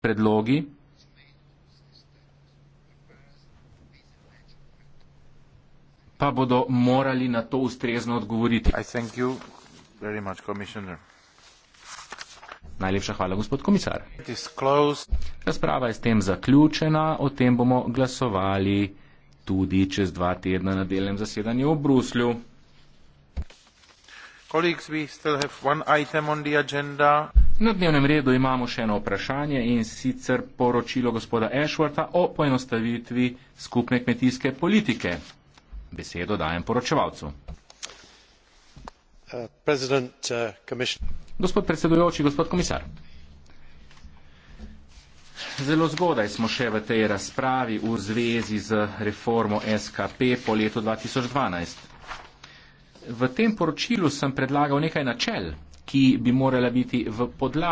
predlogi, pa bodo morali na to ustrezno odgovoriti. Much, Najlepša hvala, gospod komisar. Razprava je s tem zaključena, o tem bomo glasovali tudi čez dva tedna na delnem zasedanju v Bruslju. Colleagues, we still have one item on the agenda. Na dnevnem redu imamo še eno vprašanje in sicer poročilo gospoda Ashworta o poenostavitvi skupne kmetijske politike. Besedo dajem poročevalcu. Uh, uh, gospod predsedujoči, gospod komisar. Zelo zgodaj smo še v tej razpravi v zvezi z reformo SKP po letu 2012. V tem poročilu sem predlagal nekaj načel, ki bi morala biti podla,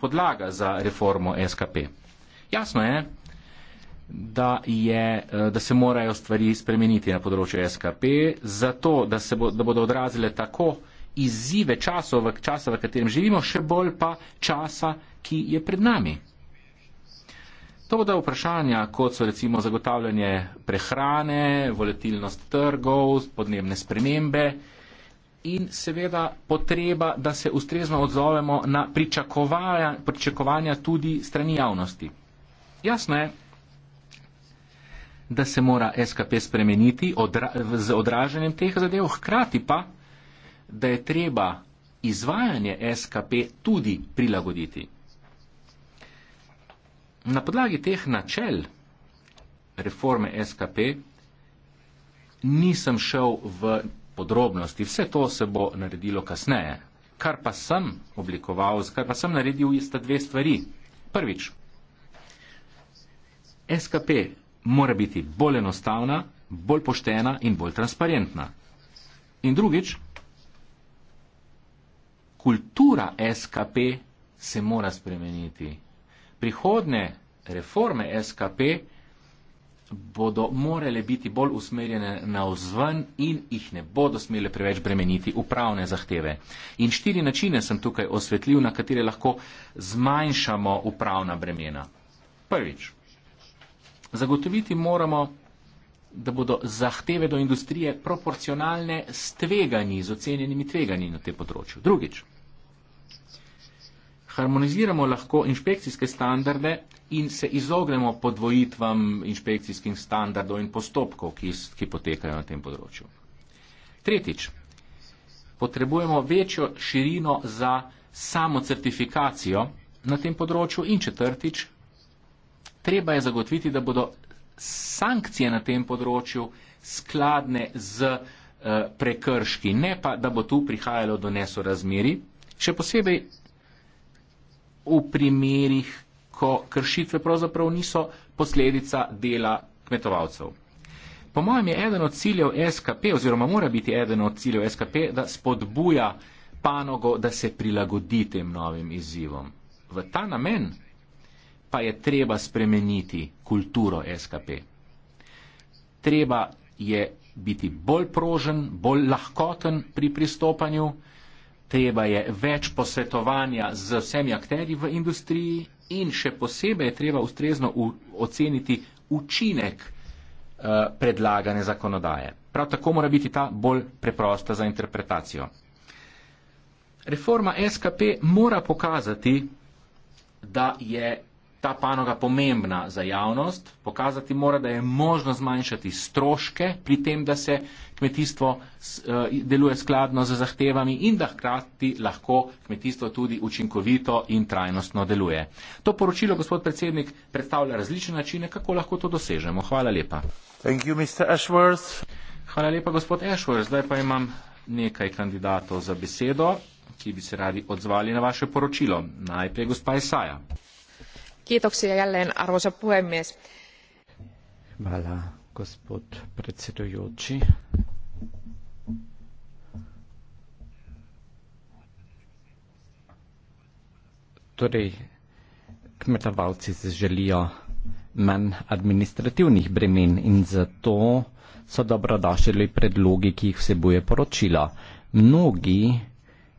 podlaga za reformo SKP. Jasno je, da, je, eh, da se morajo stvari spremeniti na področju SKP, zato da, se bo, da bodo odrazile tako izzive časa, v, časa, v katerem živimo, še bolj pa časa, ki je pred nami. To bodo vprašanja, kot so recimo zagotavljanje prehrane, volatilnost trgov, podnebne spremembe in seveda potreba, da se ustrezno odzovemo na pričakovanja, pričakovanja tudi strani javnosti. Jasno je, da se mora SKP spremeniti odra z odraženjem teh zadev, hkrati pa, da je treba izvajanje SKP tudi prilagoditi. Na podlagi teh načel reforme SKP nisem šel v podrobnosti. Vse to se bo naredilo kasneje. Kar pa sem oblikoval, kar pa sem naredil, sta dve stvari. Prvič, SKP mora biti bolj enostavna, bolj poštena in bolj transparentna. In drugič, kultura SKP se mora spremeniti. Prihodne reforme SKP bodo morele biti bolj usmerjene na vzven in jih ne bodo smele preveč bremeniti upravne zahteve. In štiri načine sem tukaj osvetlil, na katere lahko zmanjšamo upravna bremena. Prvič, zagotoviti moramo, da bodo zahteve do industrije proporcionalne s tveganji, z ocenjenimi tveganji na tem področju. Drugič, harmoniziramo lahko inšpekcijske standarde, in se izognemo podvojitvam inšpekcijskih standardov in postopkov, ki, ki potekajo na tem področju. Tretjič, potrebujemo večjo širino za samo certifikacijo na tem področju in četrtič, treba je zagotoviti, da bodo sankcije na tem področju skladne z uh, prekrški, ne pa, da bo tu prihajalo do nesorazmeri, še posebej v primerih, ko kršitve pravzaprav niso posledica dela kmetovalcev. Po mojem je eden od ciljev SKP, oziroma mora biti eden od ciljev SKP, da spodbuja panogo, da se prilagodi tem novim izzivom. V ta namen pa je treba spremeniti kulturo SKP. Treba je biti bolj prožen, bolj lahkoten pri pristopanju, treba je več posvetovanja z vsemi akteri v industriji in še posebej je treba ustrezno u, oceniti učinek eh, predlagane zakonodaje. Prav tako mora biti ta bolj preprosta za interpretacijo. Reforma SKP mora pokazati, da je ta panoga pomembna za javnost, pokazati mora, da je možno zmanjšati stroške pri tem, da se kmetijstvo e, deluje skladno z zahtevami in da hkrati lahko kmetijstvo tudi učinkovito in trajnostno deluje. To poročilo, gospod predsednik, predstavlja različne načine, kako lahko to dosežemo. Hvala lepa. You, Hvala lepa, gospod Ashworth. Zdaj pa imam nekaj kandidatov za besedo, ki bi se radi odzvali na vaše poročilo. Najprej gospa Isaja kiitoksia jälleen arvoisa puhemies. Vala, gospod predsedujoči. Torej, kmetovalci se želijo manj administrativnih bremen in zato so dobrodošli predlogi, ki jih vsebuje poročilo. Mnogi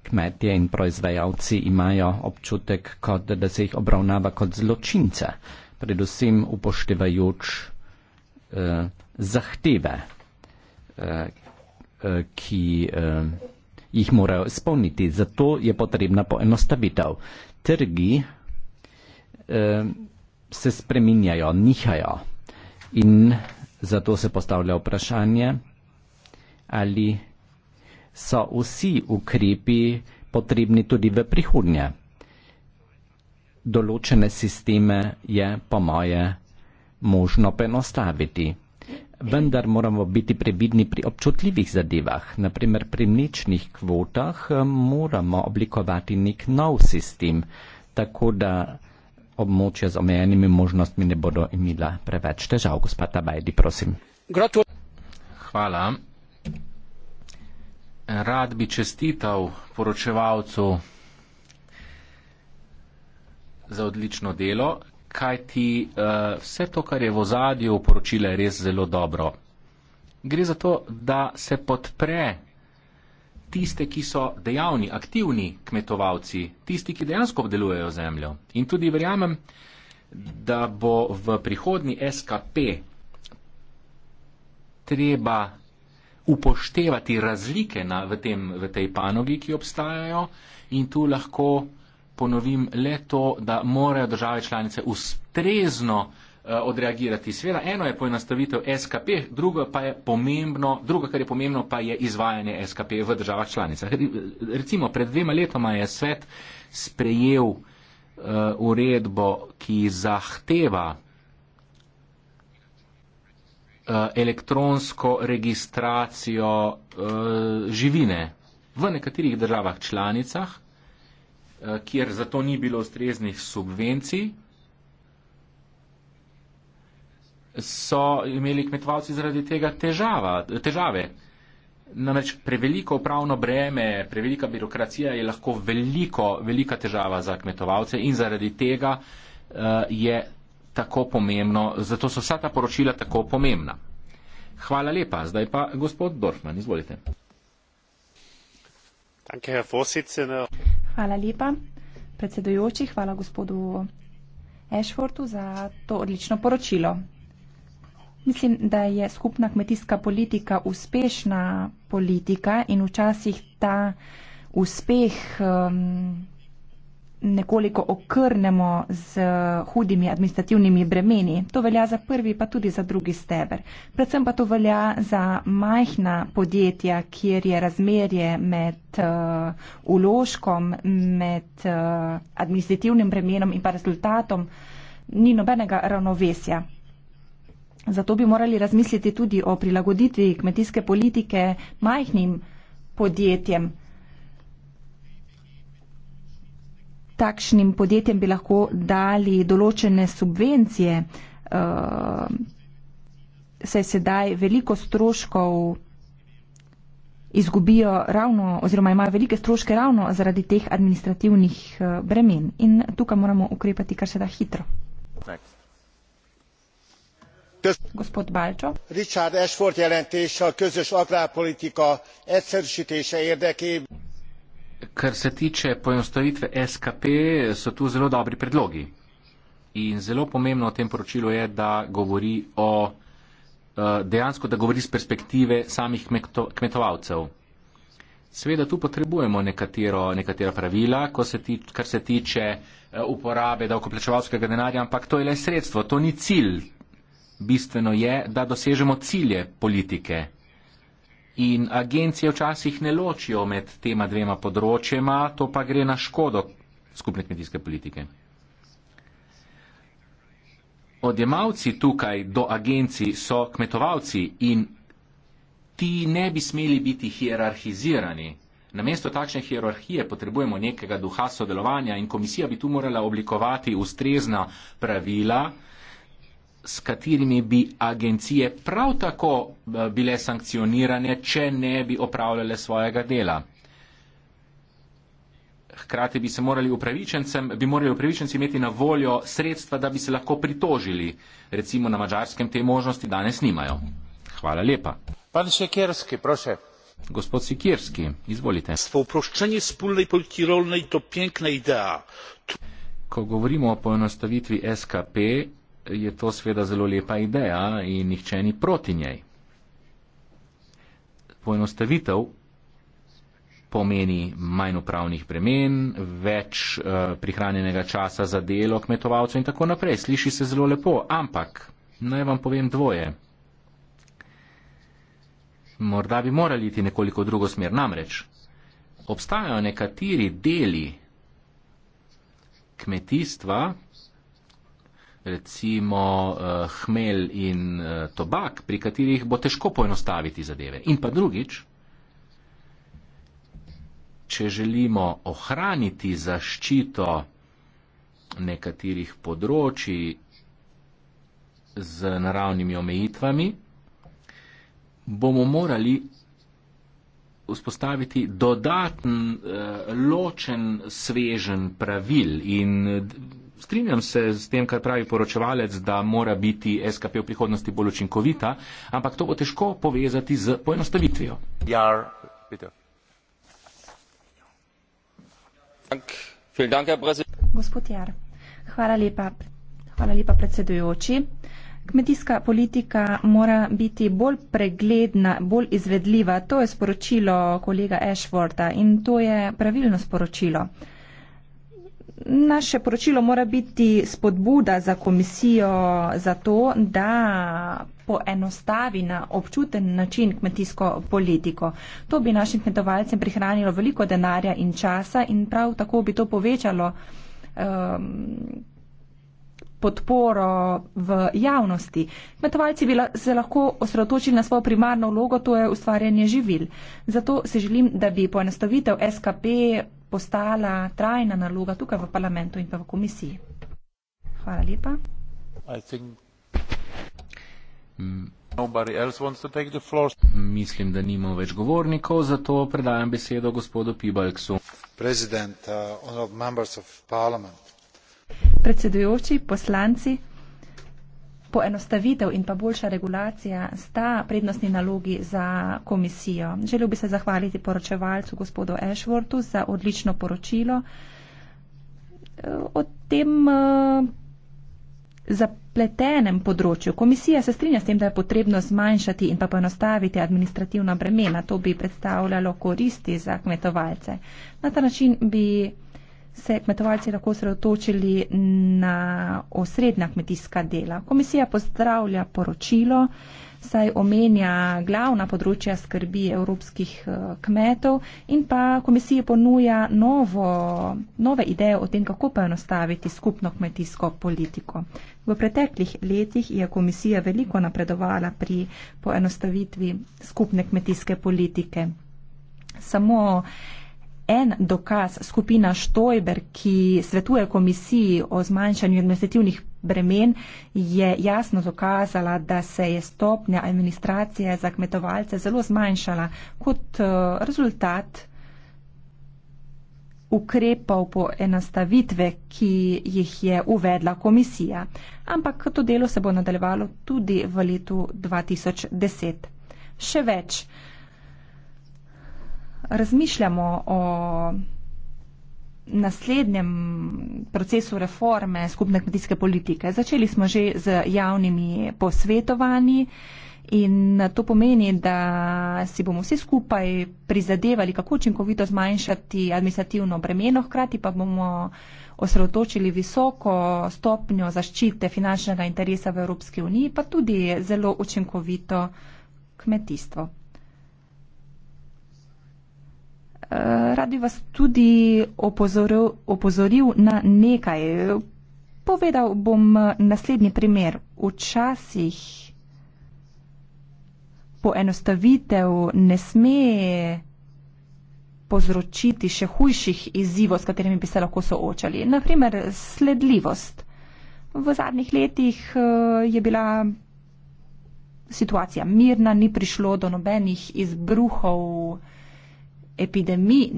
kmetje in proizvajalci imajo občutek, kot da se jih obravnava kot zločince, predvsem upoštevajoč eh, zahteve, eh, eh, ki eh, jih morajo izpolniti. Zato je potrebna poenostavitev. Trgi eh, se spreminjajo, nihajo in zato se postavlja vprašanje, ali so vsi ukrepi potrebni tudi v prihodnje. Določene sisteme je, po moje, možno penostaviti. Vendar moramo biti previdni pri občutljivih zadevah. Naprimer, pri mlečnih kvotah eh, moramo oblikovati nek nov sistem, tako da območja z omejenimi možnostmi ne bodo imela preveč težav. Gospod Abajdi, prosim. Gratul Hvala rad bi čestital poročevalcu za odlično delo, kaj ti uh, eh, vse to, kar je v zadju poročila, je res zelo dobro. Gre za to, da se podpre tiste, ki so dejavni, aktivni kmetovalci, tisti, ki dejansko obdelujejo zemljo. In tudi verjamem, da bo v prihodnji SKP treba upoštevati razlike na, v, tem, v tej panogi, ki obstajajo in tu lahko ponovim le to, da morajo države članice ustrezno eh, odreagirati. Sveda eno je poenostavitev SKP, drugo, pa je pomembno, drugo, kar je pomembno, pa je izvajanje SKP v državah članicah. Recimo pred dvema letoma je svet sprejel uh, uredbo, ki zahteva uh, Eh, elektronsko registracijo eh, živine v nekaterih državah članicah, eh, kjer za to ni bilo ustreznih subvencij. So imeli kmetovalci zaradi tega težava, težave. Namreč preveliko upravno breme, prevelika birokracija je lahko veliko, velika težava za kmetovalce in zaradi tega uh, je tako pomembno, zato so vsa ta poročila tako pomembna. Hvala lepa. Zdaj pa gospod Dorfman, izvolite. Hvala lepa, predsedujoči. Hvala gospodu Ashfordu za to odlično poročilo. Mislim, da je skupna kmetijska politika uspešna politika in včasih ta uspeh. Um, nekoliko okrnemo z hudimi administrativnimi bremeni. To velja za prvi, pa tudi za drugi steber. Predvsem pa to velja za majhna podjetja, kjer je razmerje med uh, eh, uložkom, med uh, administrativnim bremenom in pa rezultatom ni nobenega ravnovesja. Zato bi morali razmisliti tudi o prilagoditvi kmetijske politike majhnim podjetjem. takšnim podjetjem bi lahko dali določene subvencije, uh, saj sedaj veliko stroškov izgubijo ravno oziroma imajo velike stroške ravno zaradi teh administrativnih uh, bremen. In tukaj moramo ukrepati kar se da hitro. Next. Gospod Balčo. Richard Ashford jelentése a közös agrárpolitika egyszerűsítése érdekében kar se tiče poenostavitve SKP, so tu zelo dobri predlogi. In zelo pomembno v tem poročilu je, da govori o eh, dejansko, da govori z perspektive samih kmeto, kmetovalcev. Sveda tu potrebujemo nekatero, nekatera pravila, se ti, kar se tiče eh, uporabe davkoplačevalskega denarja, ampak to je le sredstvo, to ni cilj. Bistveno je, da dosežemo cilje politike. In agencije včasih ne ločijo med tema dvema področjema, to pa gre na škodo skupne kmetijske politike. Odjemalci tukaj do agencij so kmetovalci in ti ne bi smeli biti hierarhizirani. Namesto takšne hierarhije potrebujemo nekega duha sodelovanja in komisija bi tu morala oblikovati ustrezna pravila, s katerimi bi agencije prav tako eh, bile sankcionirane, če ne bi opravljale svojega dela. Hkrati bi se morali upravičencem, bi morali upravičenci imeti na voljo sredstva, da bi se lahko pritožili. Recimo na mačarskem te možnosti danes nimajo. Hvala lepa. Pan Sikirski, prosim. Gospod Sikirski, izvolite. Sprošččenje spolne politike rolne je to pjenkna ideja. Ko govorimo o poenostavitvi SKP, je to sveda zelo lepa ideja in nihče ni proti njej. Poenostavitev pomeni manj upravnih bremen, več uh, prihranjenega časa za delo kmetovalcev in tako naprej. Sliši se zelo lepo, ampak naj vam povem dvoje. Morda bi morali iti nekoliko drugo smer. Namreč obstajajo nekateri deli kmetijstva, recimo uh, hmel in uh, tobak, pri katerih bo težko poenostaviti zadeve. In pa drugič, če želimo ohraniti zaščito nekaterih področji z naravnimi omejitvami, bomo morali vzpostaviti dodaten, eh, ločen, svežen pravil in strinjam se z tem, kar pravi poročevalec, da mora biti SKP v prihodnosti bolj učinkovita, ampak to bo težko povezati z poenostavitvijo. Jar, Gospod Jar, hvala lepa. Hvala lepa predsedujoči. Kmetijska politika mora biti bolj pregledna, bolj izvedljiva. To je sporočilo kolega Ashworda in to je pravilno sporočilo naše poročilo mora biti spodbuda za komisijo za to, da poenostavi na občuten način kmetijsko politiko. To bi našim kmetovalcem prihranilo veliko denarja in časa in prav tako bi to povečalo um, podporo v javnosti. Kmetovalci bi se lahko osredotočili na svojo primarno vlogo, to je ustvarjanje živil. Zato se želim, da bi poenostavitev SKP postala trajna naloga tukaj v parlamentu in pa v komisiji. Hvala lepa. Mm. Mislim, da nimamo več govornikov, zato predajam besedo gospodu Pibalksu. Uh, Predsedujoči, poslanci, poenostavitev in pa boljša regulacija sta prednostni nalogi za komisijo. Želel bi se zahvaliti poročevalcu gospodu Ashworthu za odlično poročilo. O tem eh, zapletenem področju. Komisija se strinja s tem, da je potrebno zmanjšati in pa poenostaviti administrativna bremena. To bi predstavljalo koristi za kmetovalce. Na ta način bi se kmetovalci lahko sredotočili na osrednja kmetijska dela. Komisija pozdravlja poročilo, saj omenja glavna področja skrbi evropskih eh, kmetov in pa komisija ponuja novo, nove ideje o tem, kako poenostaviti skupno kmetijsko politiko. V preteklih letih je komisija veliko napredovala pri poenostavitvi skupne kmetijske politike. Samo En dokaz skupina Štojber, ki svetuje komisiji o zmanjšanju administrativnih bremen, je jasno dokazala, da se je stopnja administracije za kmetovalce zelo zmanjšala kot eh, rezultat ukrepov po enastavitve, ki jih je uvedla komisija. Ampak to delo se bo nadaljevalo tudi v letu 2010. Še več razmišljamo o naslednjem procesu reforme skupne kmetijske politike. Začeli smo že z javnimi posvetovanji in to pomeni, da si bomo vsi skupaj prizadevali, kako učinkovito zmanjšati administrativno bremeno, hkrati pa bomo osredotočili visoko stopnjo zaščite finančnega interesa v Evropski uniji, pa tudi zelo učinkovito kmetijstvo. bi vas tudi opozoril, opozoril na nekaj. Povedal bom naslednji primer. Včasih poenostavitev ne sme povzročiti še hujših izzivov, s katerimi bi se lahko soočali. Naprimer, sledljivost. V zadnjih letih eh, je bila situacija mirna, ni prišlo do nobenih izbruhov epidemij,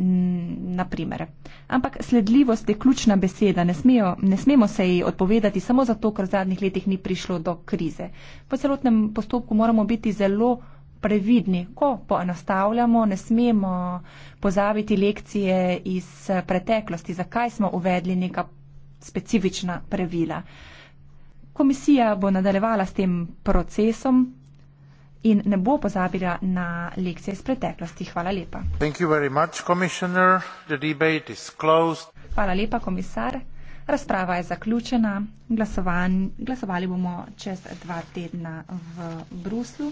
na primer. Ampak sledljivost je ključna beseda, ne, smejo, ne smemo se ji odpovedati samo zato, ker v zadnjih letih ni prišlo do krize. Po celotnem postopku moramo biti zelo previdni, ko poenostavljamo, ne smemo pozaviti lekcije iz preteklosti, zakaj smo uvedli neka specifična pravila. Komisija bo nadaljevala s tem procesom, in ne bo pozabila na lekcije iz preteklosti. Hvala lepa. Hvala lepa, komisar. Razprava je zaključena. Glasovan, glasovali bomo čez dva tedna v Bruslu.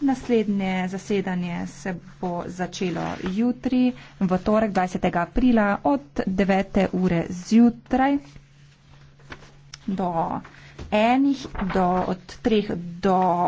Naslednje zasedanje se bo začelo jutri, v torek 20. aprila od 9. ure zjutraj do enih, do, od 3. do